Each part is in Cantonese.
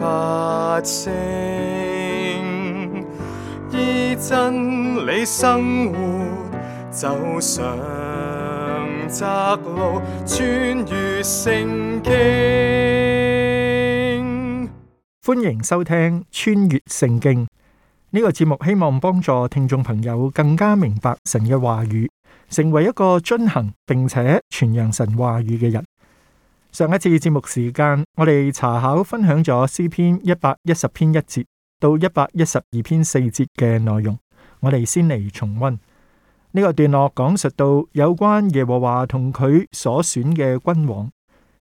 發聲依真理生活，走上窄路，穿越聖經。歡迎收聽《穿越聖經》呢個節目，希望幫助聽眾朋友更加明白神嘅話語，成為一個遵行並且傳揚神話語嘅人。上一次節目時間，我哋查考分享咗詩篇一百一十篇一節到一百一十二篇四節嘅內容，我哋先嚟重温呢個段落，講述到有關耶和華同佢所選嘅君王，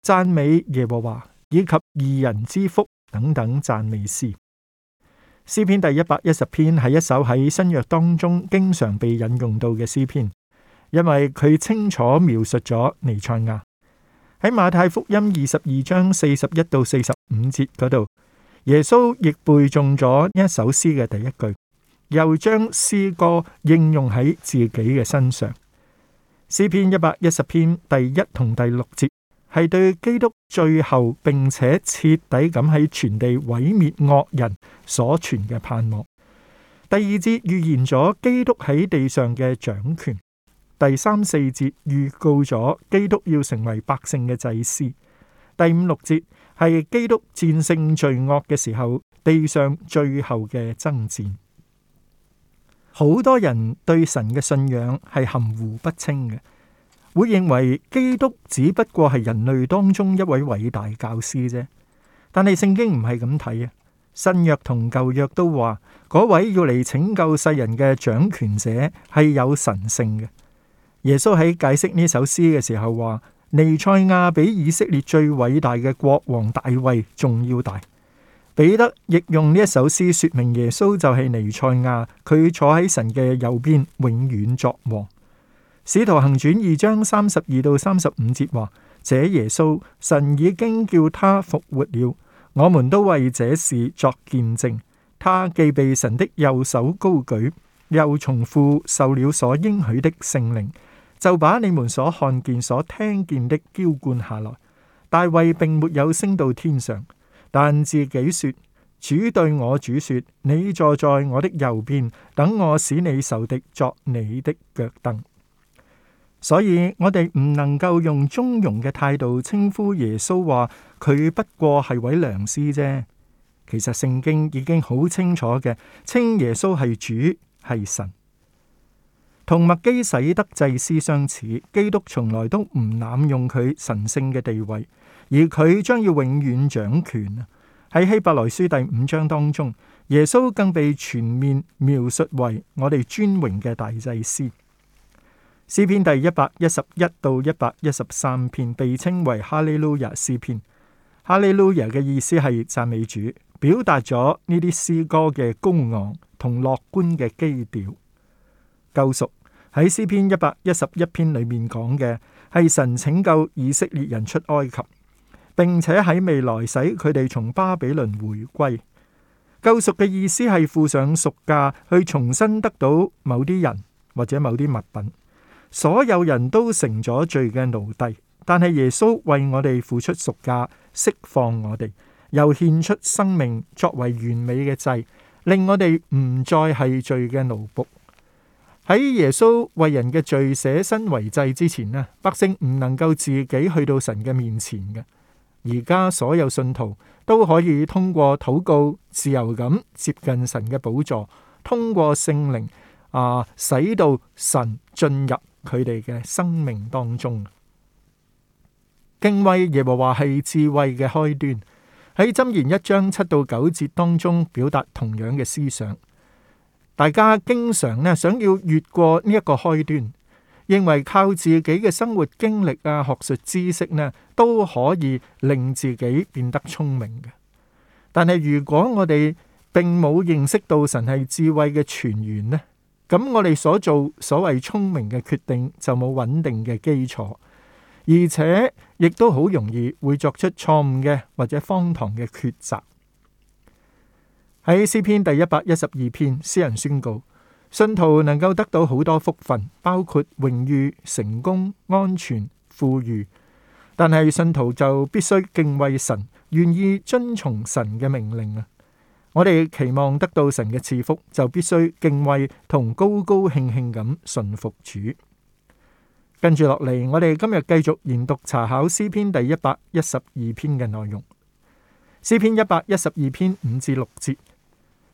讚美耶和華以及義人之福等等讚美詩。詩篇第一百一十篇係一首喺新約當中經常被引用到嘅詩篇，因為佢清楚描述咗彌賽亞。喺馬太福音二十二章四十一到四十五節嗰度，耶穌亦背誦咗一首詩嘅第一句，又將詩歌應用喺自己嘅身上。詩篇一百一十篇第一同第六節係對基督最後並且徹底咁喺全地毀滅惡人所傳嘅盼望。第二節預言咗基督喺地上嘅掌權。第三四節預告咗基督要成為百姓嘅祭司。第五六節係基督戰勝罪惡嘅時候，地上最後嘅爭戰。好多人對神嘅信仰係含糊不清嘅，會認為基督只不過係人類當中一位偉大教師啫。但係聖經唔係咁睇啊。新約同舊約都話，嗰位要嚟拯救世人嘅掌權者係有神聖嘅。耶穌喺解釋呢首詩嘅時候話：尼賽亞比以色列最偉大嘅國王大衛仲要大。彼得亦用呢一首詩說明耶穌就係尼賽亞，佢坐喺神嘅右邊，永遠作王。使徒行傳二章三十二到三十五節話：這耶穌，神已經叫他復活了，我們都為這事作見證。他既被神的右手高舉，又從父受了所應許的聖靈。就把你們所看見、所聽見的澆灌下來。大衛並沒有升到天上，但自己說：主對我主說，你坐在我的右邊，等我使你仇敵作你的腳凳。所以我哋唔能夠用中庸嘅態度稱呼耶穌話佢不過係位良師啫。其實聖經已經好清楚嘅，稱耶穌係主係神。同麥基洗德祭司相似，基督從來都唔濫用佢神聖嘅地位，而佢將要永遠掌權。喺希伯來書第五章當中，耶穌更被全面描述為我哋尊榮嘅大祭司。詩篇第一百一十一到一百一十三篇被稱為哈利路亞詩篇，哈利路亞嘅意思係讚美主，表達咗呢啲詩歌嘅高昂同樂觀嘅基調。救贖。喺詩篇一百一十一篇裏面講嘅係神拯救以色列人出埃及，並且喺未來使佢哋從巴比倫回歸。救贖嘅意思係付上贖價去重新得到某啲人或者某啲物品。所有人都成咗罪嘅奴隸，但係耶穌為我哋付出贖價，釋放我哋，又獻出生命作為完美嘅祭，令我哋唔再係罪嘅奴僕。喺耶穌為人嘅罪捨身為祭之前呢，百姓唔能夠自己去到神嘅面前嘅。而家所有信徒都可以通過禱告自由咁接近神嘅寶座，通過聖靈啊使到神進入佢哋嘅生命當中。敬畏耶和華係智慧嘅開端。喺箴言一章七到九節當中表達同樣嘅思想。大家經常呢想要越過呢一個開端，認為靠自己嘅生活經歷啊、學術知識呢，都可以令自己變得聰明嘅。但係如果我哋並冇認識到神係智慧嘅泉源呢，咁我哋所做所謂聰明嘅決定就冇穩定嘅基礎，而且亦都好容易會作出錯誤嘅或者荒唐嘅抉擇。喺詩篇第一百一十二篇，詩人宣告：信徒能夠得到好多福分，包括榮譽、成功、安全、富裕。但係信徒就必須敬畏神，願意遵從神嘅命令啊！我哋期望得到神嘅賜福，就必須敬畏同高高興興咁順服主。跟住落嚟，我哋今日繼續研讀查考詩篇第一百一十二篇嘅內容。詩篇一百一十二篇五至六節。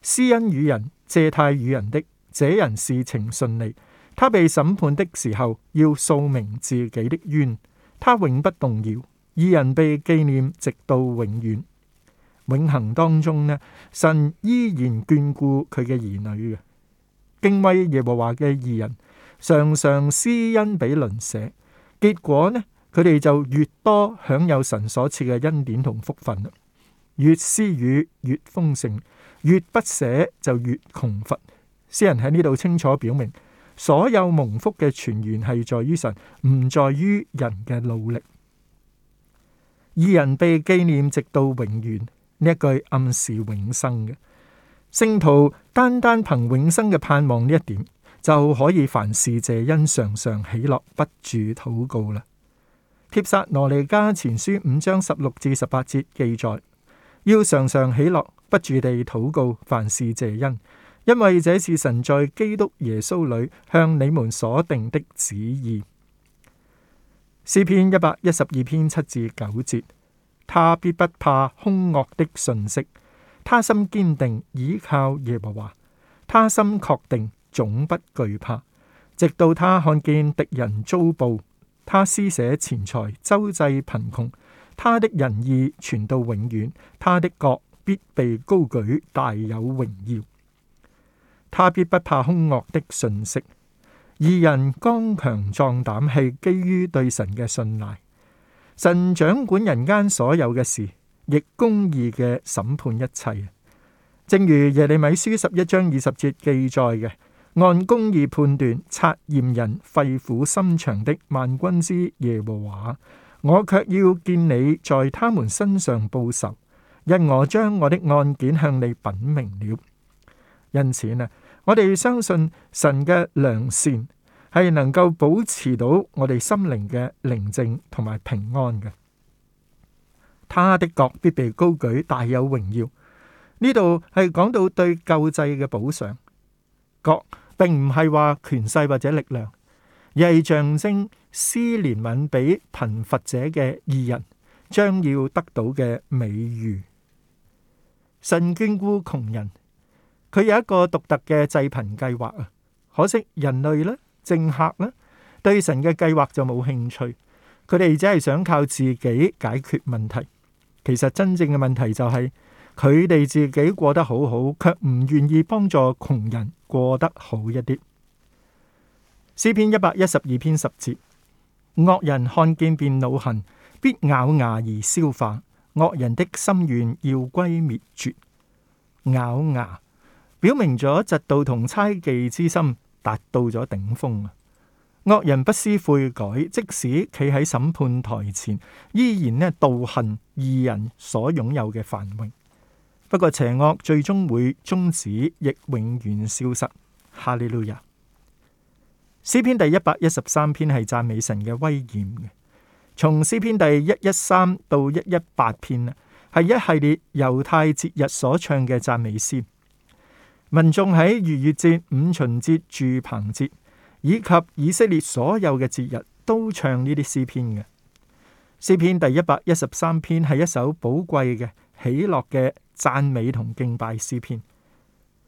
施恩與人，借貸與人的這人事情順利。他被審判的時候，要訴明自己的冤。他永不動搖。義人被紀念直到永遠，永恆當中呢，神依然眷顧佢嘅兒女嘅。敬畏耶和華嘅義人，常常施恩俾鄰舍。結果呢，佢哋就越多享有神所賜嘅恩典同福分，越施予，越豐盛。越不捨就越窮乏。詩人喺呢度清楚表明，所有蒙福嘅泉源係在於神，唔在於人嘅努力。二人被紀念直到永遠呢一句暗示永生嘅聖徒，單單憑永生嘅盼望呢一點，就可以凡事謝恩，常常喜樂，不住禱告啦。帖撒羅尼迦前書五章十六至十八節記載。要常常喜樂，不住地禱告，凡事謝恩，因為這是神在基督耶穌裏向你們所定的旨意。詩篇一百一十二篇七至九節：他必不怕凶惡的信息，他心堅定倚靠耶和華，他心確定總不懼怕。直到他看見敵人遭報，他施捨錢財周濟貧窮。他的仁義傳到永遠，他的國必被高舉，大有榮耀。他必不怕兇惡的信息。二人剛強壯膽，係基於對神嘅信賴。神掌管人間所有嘅事，亦公義嘅審判一切。正如耶利米書十一章二十節記載嘅：按公義判斷、察驗人肺腑心腸的萬軍之耶和華。我卻要見你在他們身上報仇，因我將我的案件向你稟明了。因此呢，我哋相信神嘅良善係能夠保持到我哋心靈嘅寧靜同埋平安嘅。他的角必被高舉，大有榮耀。呢度係講到對救濟嘅補償。角並唔係話權勢或者力量，而係象徵。施憐憫俾貧乏者嘅義人，將要得到嘅美譽。神眷顧窮人，佢有一個獨特嘅濟貧計劃啊。可惜人類呢，政客呢，對神嘅計劃就冇興趣，佢哋只係想靠自己解決問題。其實真正嘅問題就係佢哋自己過得好好，卻唔願意幫助窮人過得好一啲。詩篇一百一十二篇十節。惡人看見便惱恨，必咬牙而消化。惡人的心願要歸滅絕，咬牙表明咗嫉妒同猜忌之心達到咗頂峰啊！惡人不思悔改，即使企喺審判台前，依然呢道行義人所擁有嘅繁榮。不過邪惡最終會終止，亦永遠消失。哈利路亞。詩篇第一百一十三篇係讚美神嘅威嚴嘅，從詩篇第一一三到一一八篇啊，係一系列猶太節日所唱嘅讚美詩。民眾喺逾越節、五旬節、住棚節以及以色列所有嘅節日都唱呢啲詩篇嘅。詩篇第一百一十三篇係一首寶貴嘅喜樂嘅讚美同敬拜詩篇。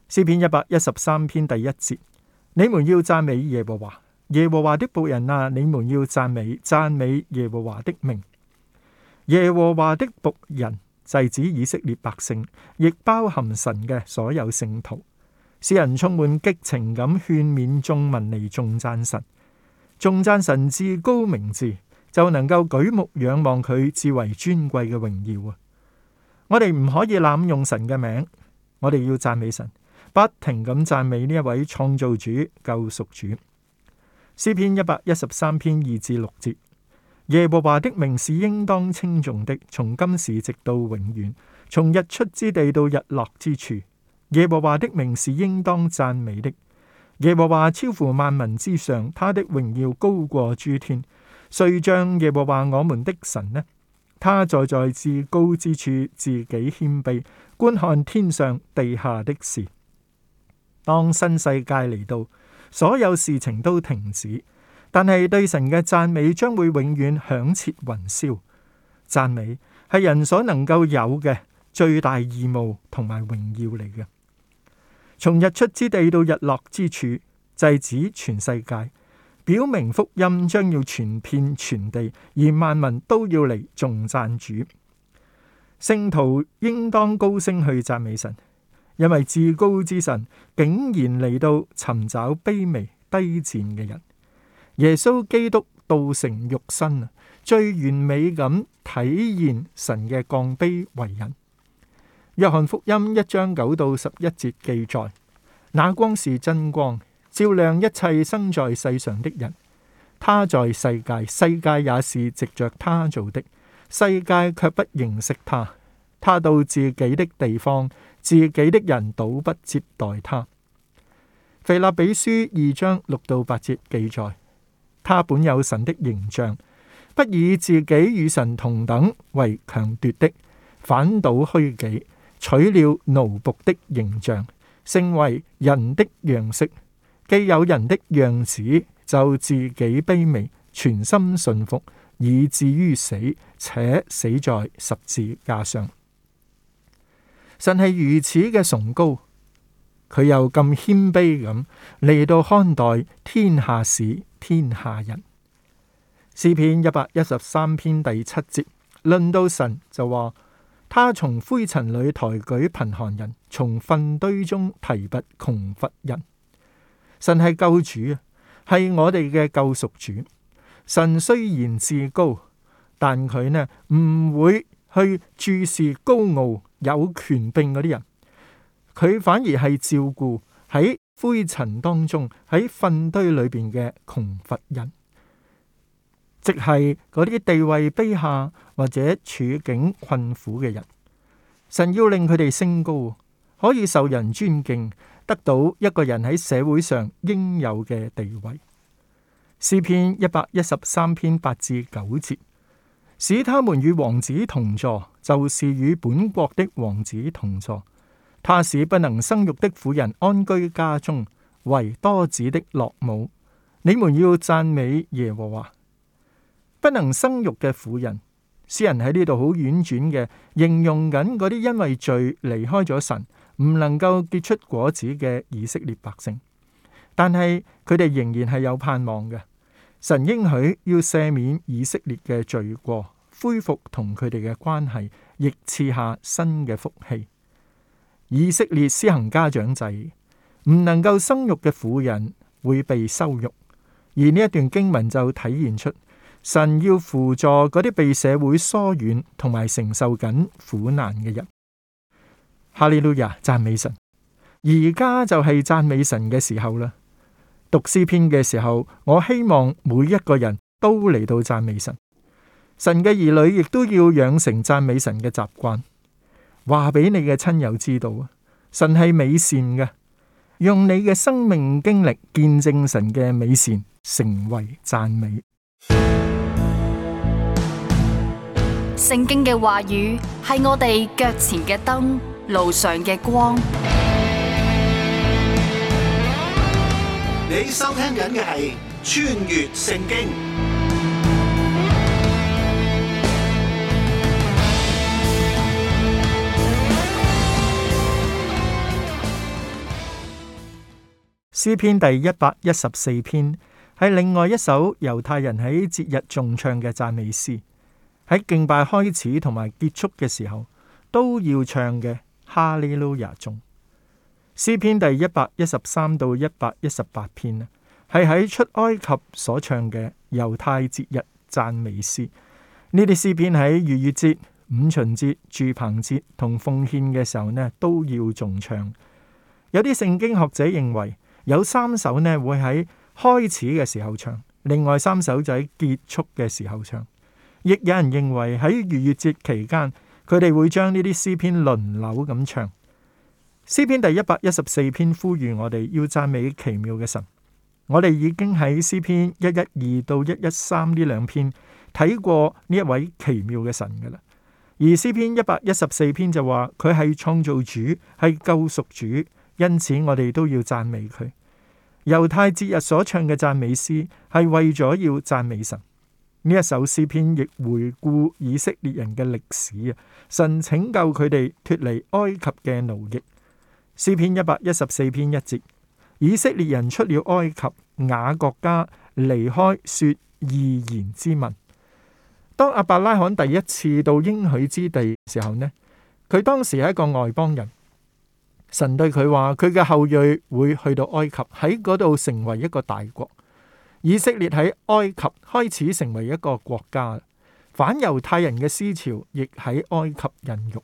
詩篇一百一十三篇第一節。你們要讚美耶和華，耶和華的僕人啊！你們要讚美讚美耶和華的名。耶和華的僕人就係以色列百姓，亦包含神嘅所有聖徒，使人充滿激情咁勸勉眾民嚟頌讚神，頌讚神至高名字，就能夠舉目仰望佢至為尊貴嘅榮耀啊！我哋唔可以濫用神嘅名，我哋要讚美神。不停咁讚美呢一位創造主、救贖主。詩篇一百一十三篇二至六節：耶和華的名是應當稱頌的，從今時直到永遠，從日出之地到日落之處。耶和華的名是應當讚美的。耶和華超乎萬民之上，他的榮耀高過諸天。誰將耶和華我們的神呢？他坐在至高之處，自己謙卑，觀看天上地下的事。當新世界嚟到，所有事情都停止，但係對神嘅讚美將會永遠響徹雲霄。讚美係人所能夠有嘅最大義務同埋榮耀嚟嘅。從日出之地到日落之處，制止全世界，表明福音將要傳遍全地，而萬民都要嚟重讚主。聖徒應當高聲去讚美神。因為至高之神竟然嚟到尋找卑微低賤嘅人，耶穌基督道成肉身最完美咁體現神嘅降卑為人。約翰福音一章九到十一節記載：那光是真光，照亮一切生在世上的人。他在世界，世界也是藉着他做的，世界卻不認識他。他到自己的地方。自己的人倒不接待他。腓立比書二章六到八節記載：他本有神的形象，不以自己與神同等為強奪的，反倒虛己，取了奴僕的形象，成為人的樣式。既有人的樣子，就自己卑微，全心順服，以至於死，且死在十字架上。神係如此嘅崇高，佢又咁謙卑咁嚟到看待天下事、天下人。詩篇一百一十三篇第七節，論到神就話：他從灰塵裏抬舉舉貧寒人，從糞堆中提拔窮乏人。神係救主啊，係我哋嘅救贖主。神雖然至高，但佢呢唔會去注視高傲。有權柄嗰啲人，佢反而係照顧喺灰塵當中、喺糞堆裏邊嘅窮乏人，即係嗰啲地位卑下或者處境困苦嘅人。神要令佢哋升高，可以受人尊敬，得到一個人喺社會上應有嘅地位。詩篇一百一十三篇八至九節。使他們與王子同坐，就是與本國的王子同坐。他使不能生育的婦人安居家中，為多子的樂母。你們要讚美耶和華。不能生育嘅婦人，詩人喺呢度好婉轉嘅形容緊嗰啲因為罪離開咗神，唔能夠結出果子嘅以色列百姓。但係佢哋仍然係有盼望嘅。神應許要赦免以色列嘅罪過，恢復同佢哋嘅關係，亦賜下新嘅福氣。以色列施行家長制，唔能夠生育嘅婦人會被羞辱。而呢一段經文就體現出神要輔助嗰啲被社會疏遠同埋承受緊苦難嘅人。哈利路亞，讚美神！而家就係讚美神嘅時候啦。讀詩篇嘅時候，我希望每一個人都嚟到讚美神。神嘅兒女亦都要養成讚美神嘅習慣。話俾你嘅親友知道啊！神係美善嘅，用你嘅生命經歷見證神嘅美善，成為讚美。聖經嘅話語係我哋腳前嘅燈，路上嘅光。你收聽緊嘅係《穿越聖經》詩篇第一百一十四篇，係另外一首猶太人喺節日重唱嘅讚美詩，喺敬拜開始同埋結束嘅時候都要唱嘅哈利路亞中。詩篇第一百一十三到一百一十八篇啊，係喺出埃及所唱嘅猶太節日讚美詩。呢啲詩篇喺逾越節、五旬節、住棚節同奉獻嘅時候呢，都要重唱。有啲聖經學者認為有三首呢，會喺開始嘅時候唱，另外三首就喺結束嘅時候唱。亦有人認為喺逾越節期間，佢哋會將呢啲詩篇輪流咁唱。詩篇第一百一十四篇呼籲我哋要讚美奇妙嘅神。我哋已經喺詩篇一一二到一一三呢兩篇睇過呢一位奇妙嘅神噶啦。而詩篇一百一十四篇就話佢係創造主，係救贖主，因此我哋都要讚美佢。猶太節日所唱嘅讚美詩係為咗要讚美神。呢一首詩篇亦回顧以色列人嘅歷史啊。神拯救佢哋脫離埃及嘅奴役。詩篇一百一十四篇一節，以色列人出了埃及，雅各家，離開說異言之民。當亞伯拉罕第一次到應許之地時候呢，佢當時係一個外邦人。神對佢話，佢嘅後裔會去到埃及，喺嗰度成為一個大國。以色列喺埃及開始成為一個國家，反猶太人嘅思潮亦喺埃及孕育。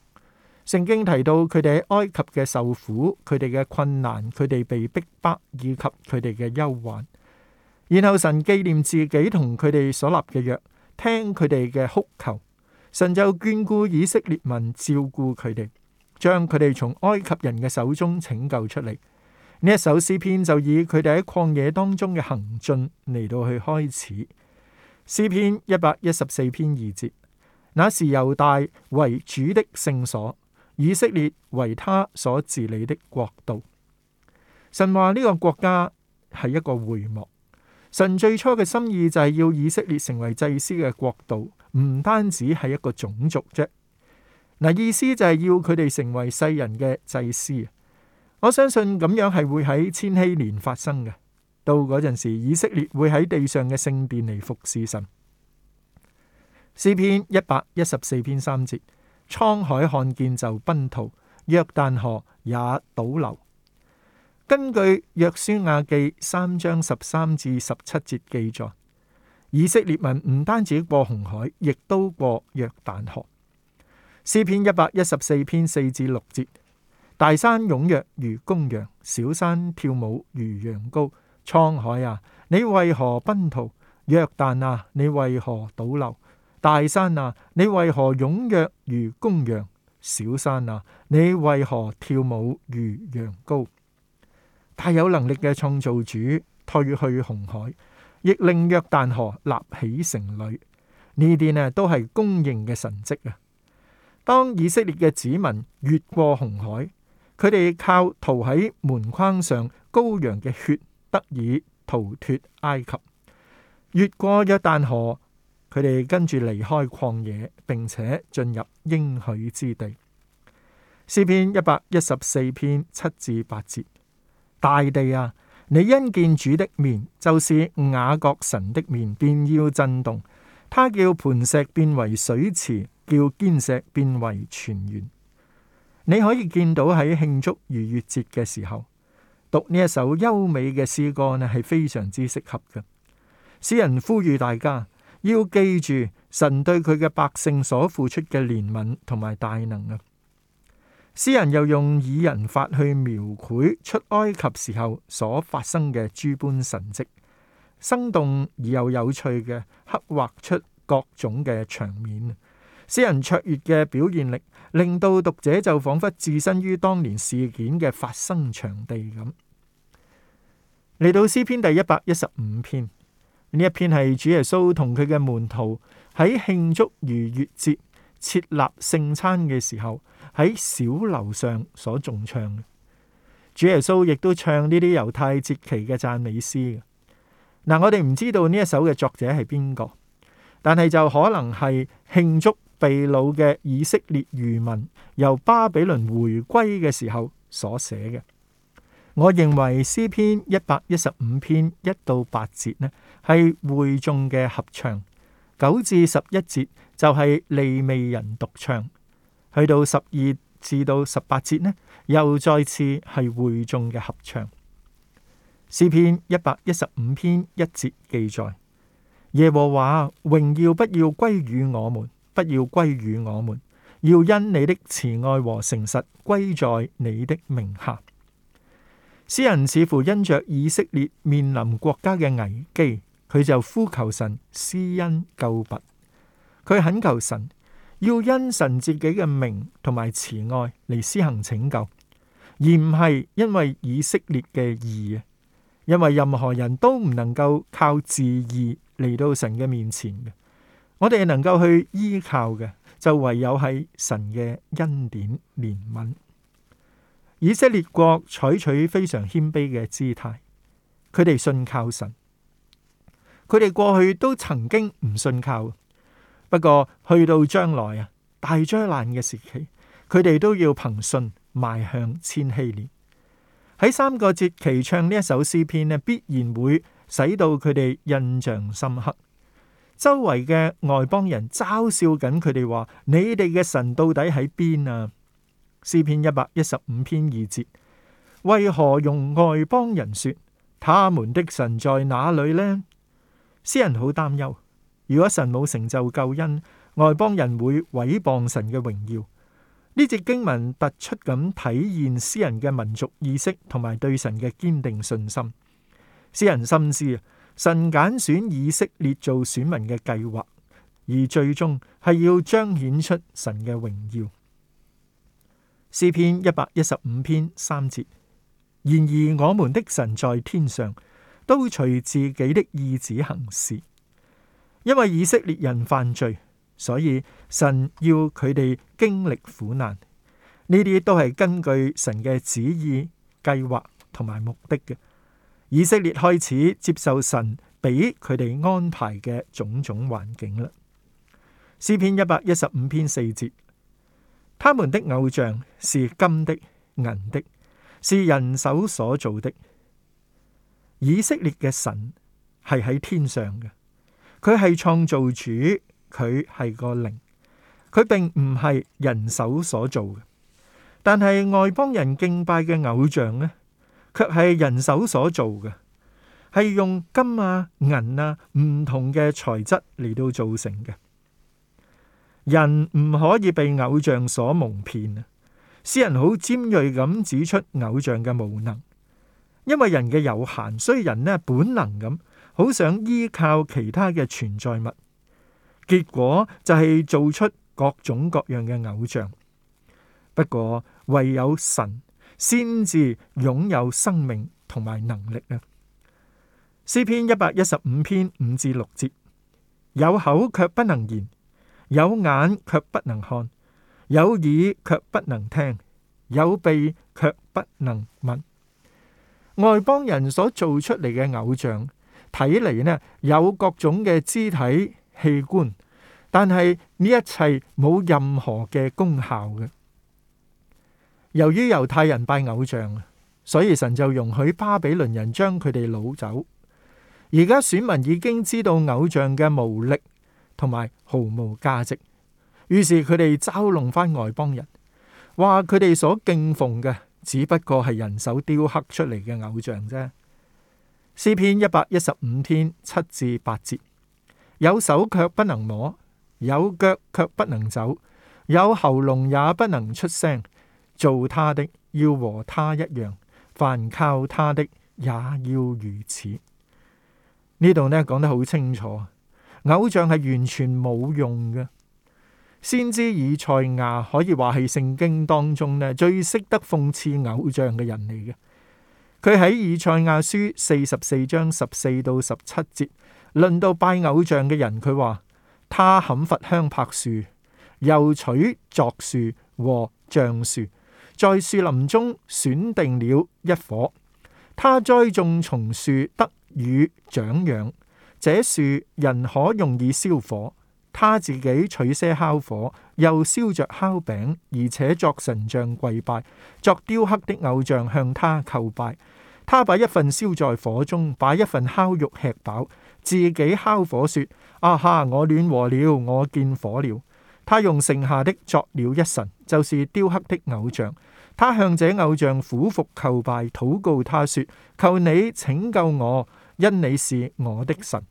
聖經提到佢哋喺埃及嘅受苦，佢哋嘅困難，佢哋被逼迫以及佢哋嘅憂患。然後神紀念自己同佢哋所立嘅約，聽佢哋嘅哭求，神就眷顧以色列民，照顧佢哋，將佢哋從埃及人嘅手中拯救出嚟。呢一首詩篇就以佢哋喺曠野當中嘅行進嚟到去開始。詩篇一百一十四篇二節，那時猶大為主的聖所。以色列為他所治理的國度，神話呢個國家係一個會幕。神最初嘅心意就係要以色列成為祭司嘅國度，唔單止係一個種族啫。嗱，意思就係要佢哋成為世人嘅祭司。我相信咁樣係會喺千禧年發生嘅。到嗰陣時，以色列會喺地上嘅聖殿嚟服侍神。詩篇一百一十四篇三節。滄海看見就奔逃，約旦河也倒流。根據《約書亞記》三章十三至十七節記載，以色列民唔單止過紅海，亦都過約旦河。詩篇一百一十四篇四至六節：大山踴躍如公羊，小山跳舞如羊羔。滄海啊，你為何奔逃？約旦啊，你為何倒流？大山啊，你為何踴躍如公羊？小山啊，你為何跳舞如羊羔？大有能力嘅創造主退去紅海，亦令約旦河立起成壘。呢啲呢都係公認嘅神蹟啊！當以色列嘅子民越過紅海，佢哋靠塗喺門框上羔羊嘅血，得以逃脱埃及，越過約旦河。佢哋跟住離開曠野，並且進入應許之地。詩篇一百一十四篇七至八節：大地啊，你因見主的面，就是雅各神的面，便要震動。他叫磐石變為水池，叫堅石變為泉源。你可以見到喺慶祝逾越節嘅時候，讀呢一首優美嘅詩歌呢，係非常之適合嘅。詩人呼籲大家。要記住神對佢嘅百姓所付出嘅憐憫同埋大能啊！詩人又用擬人法去描繪出埃及時候所發生嘅諸般神蹟，生動而又有趣嘅刻畫出各種嘅場面啊！詩人卓越嘅表現力，令到讀者就仿佛置身於當年事件嘅發生場地咁。嚟到詩篇第一百一十五篇。呢一篇係主耶穌同佢嘅門徒喺慶祝逾越節設立聖餐嘅時候，喺小樓上所重唱嘅。主耶穌亦都唱呢啲猶太節期嘅讚美詩嘅。嗱，我哋唔知道呢一首嘅作者係邊個，但係就可能係慶祝被擄嘅以色列餘民由巴比倫回歸嘅時候所寫嘅。我認為詩篇一百一十五篇一到八節呢，係會眾嘅合唱，九至十一節就係利未人獨唱，去到十二至到十八節呢，又再次係會眾嘅合唱。詩篇一百一十五篇一節記載：耶和華榮耀不要歸於我們，不要歸於我們，要因你的慈愛和誠實歸在你的名下。詩人似乎因着以色列面臨國家嘅危機。佢就呼求神施恩救拔，佢懇求神要因神自己嘅名同埋慈愛嚟，施行拯救，而唔係因為以色列嘅義，因為任何人都唔能夠靠自義嚟到神嘅面前嘅。我哋能夠去依靠嘅就唯有係神嘅恩典憐憫。以色列國採取非常謙卑嘅姿態，佢哋信靠神。佢哋過去都曾經唔信靠，不過去到將來啊，大災難嘅時期，佢哋都要憑信邁向千禧年。喺三個節期唱呢一首詩篇呢，必然會使到佢哋印象深刻。周圍嘅外邦人嘲笑緊佢哋話：你哋嘅神到底喺邊啊？詩篇一百一十五篇二節：為何用外邦人說他們的神在哪裏呢？詩人好擔憂，如果神冇成就救恩，外邦人會毀謗神嘅榮耀。呢節經文突出咁體現詩人嘅民族意識同埋對神嘅堅定信心。詩人深思，神揀選以色列做選民嘅計劃，而最終係要彰顯出神嘅榮耀。詩篇一百一十五篇三節，然而我們的神在天上。都隨自己的意志行事，因為以色列人犯罪，所以神要佢哋經歷苦難。呢啲都係根據神嘅旨意、計劃同埋目的嘅。以色列開始接受神俾佢哋安排嘅種種環境啦。詩篇一百一十五篇四節，他們的偶像，是金的、銀的，是人手所造的。以色列嘅神係喺天上嘅，佢係創造主，佢係個靈，佢並唔係人手所做嘅。但係外邦人敬拜嘅偶像呢，卻係人手所做嘅，係用金啊、銀啊唔同嘅材質嚟到造成嘅。人唔可以被偶像所蒙騙啊！詩人好尖銳咁指出偶像嘅無能。因為人嘅有限，所以人呢本能咁好想依靠其他嘅存在物，結果就係做出各種各樣嘅偶像。不過唯有神先至擁有生命同埋能力啊！詩篇一百一十五篇五至六節：有口卻不能言，有眼卻不能看，有耳卻不能聽，有鼻卻不能聞。外邦人所做出嚟嘅偶像，睇嚟呢有各種嘅肢體器官，但係呢一切冇任何嘅功效嘅。由於猶太人拜偶像，所以神就容許巴比倫人將佢哋擄走。而家選民已經知道偶像嘅無力同埋毫無價值，於是佢哋嘲弄翻外邦人，話佢哋所敬奉嘅。只不過係人手雕刻出嚟嘅偶像啫。詩篇一百一十五篇七至八節，有手卻不能摸，有腳卻不能走，有喉嚨也不能出聲。做他的要和他一樣，凡靠他的也要如此。呢度呢講得好清楚，偶像係完全冇用嘅。先知以賽亞可以話係聖經當中呢最識得諷刺偶像嘅人嚟嘅。佢喺以賽亞書四十四章十四到十七節，論到拜偶像嘅人，佢話：他砍伐香柏樹，又取柞樹和橡樹，在樹林中選定了一棵，他栽種松樹得雨長養，這樹人可用以燒火。他自己取些烤火，又燒着烤餅，而且作神像跪拜，作雕刻的偶像向他叩拜。他把一份燒在火中，把一份烤肉吃飽，自己烤火說：啊哈！我暖和了，我見火了。他用剩下的作了一神，就是雕刻的偶像。他向這偶像俯伏叩拜，禱告他說：求你拯救我，因你是我的神。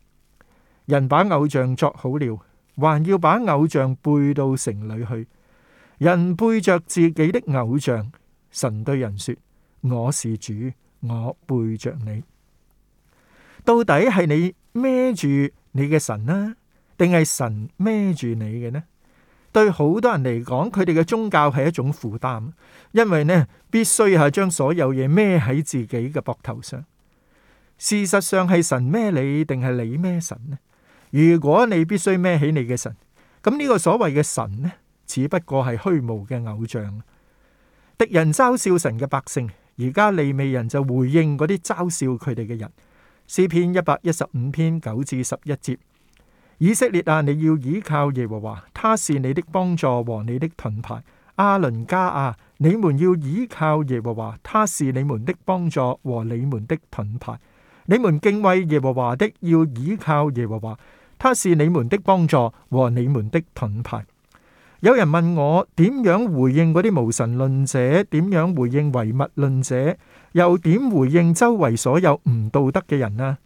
人把偶像作好了。還要把偶像背到城裏去。人背着自己的偶像，神對人說：我是主，我背着你。到底係你孭住你嘅神呢，定係神孭住你嘅呢？對好多人嚟講，佢哋嘅宗教係一種負擔，因為呢必須係將所有嘢孭喺自己嘅膊頭上。事實上係神孭你，定係你孭神呢？如果你必須孭起你嘅神，咁、這、呢個所謂嘅神呢，只不過係虛無嘅偶像。敵人嘲笑神嘅百姓，而家利未人就回應嗰啲嘲笑佢哋嘅人。詩篇一百一十五篇九至十一節：，以色列啊，你要倚靠耶和華，他是你的幫助和你的盾牌。亞倫家啊，你們要倚靠耶和華，他是你們的幫助和你們的盾牌。你們敬畏耶和華的，要倚靠耶和華。他是你們的幫助和你們的盾牌。有人問我點樣回應嗰啲無神論者，點樣回應唯物論者，又點回應周圍所有唔道德嘅人呢？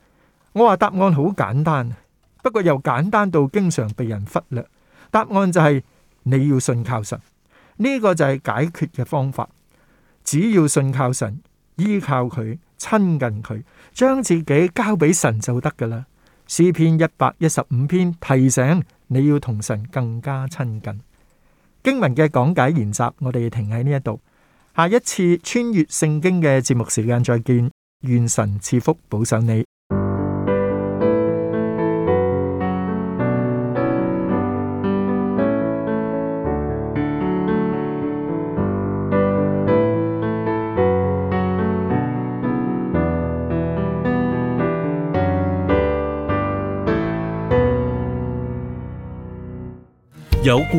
我話答案好簡單，不過又簡單到經常被人忽略。答案就係你要信靠神，呢個就係解決嘅方法。只要信靠神，依靠佢，親近佢，將自己交俾神就得噶啦。詩篇一百一十五篇提醒你要同神更加親近。經文嘅講解研習，我哋停喺呢一度。下一次穿越聖經嘅節目時間再見。願神賜福保守你。